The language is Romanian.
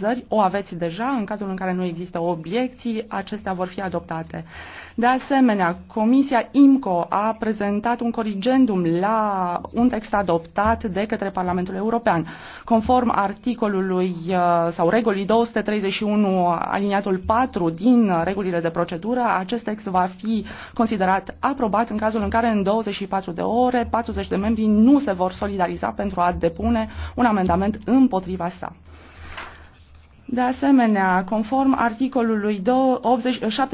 precizări, o aveți deja, în cazul în care nu există obiecții, acestea vor fi adoptate. De asemenea, Comisia IMCO a prezentat un corigendum la un text adoptat de către Parlamentul European. Conform articolului uh, sau regulii 231 aliniatul 4 din regulile de procedură, acest text va fi considerat aprobat în cazul în care în 24 de ore 40 de membri nu se vor solidariza pentru a depune un amendament împotriva sa. De asemenea, conform articolului 2, 80,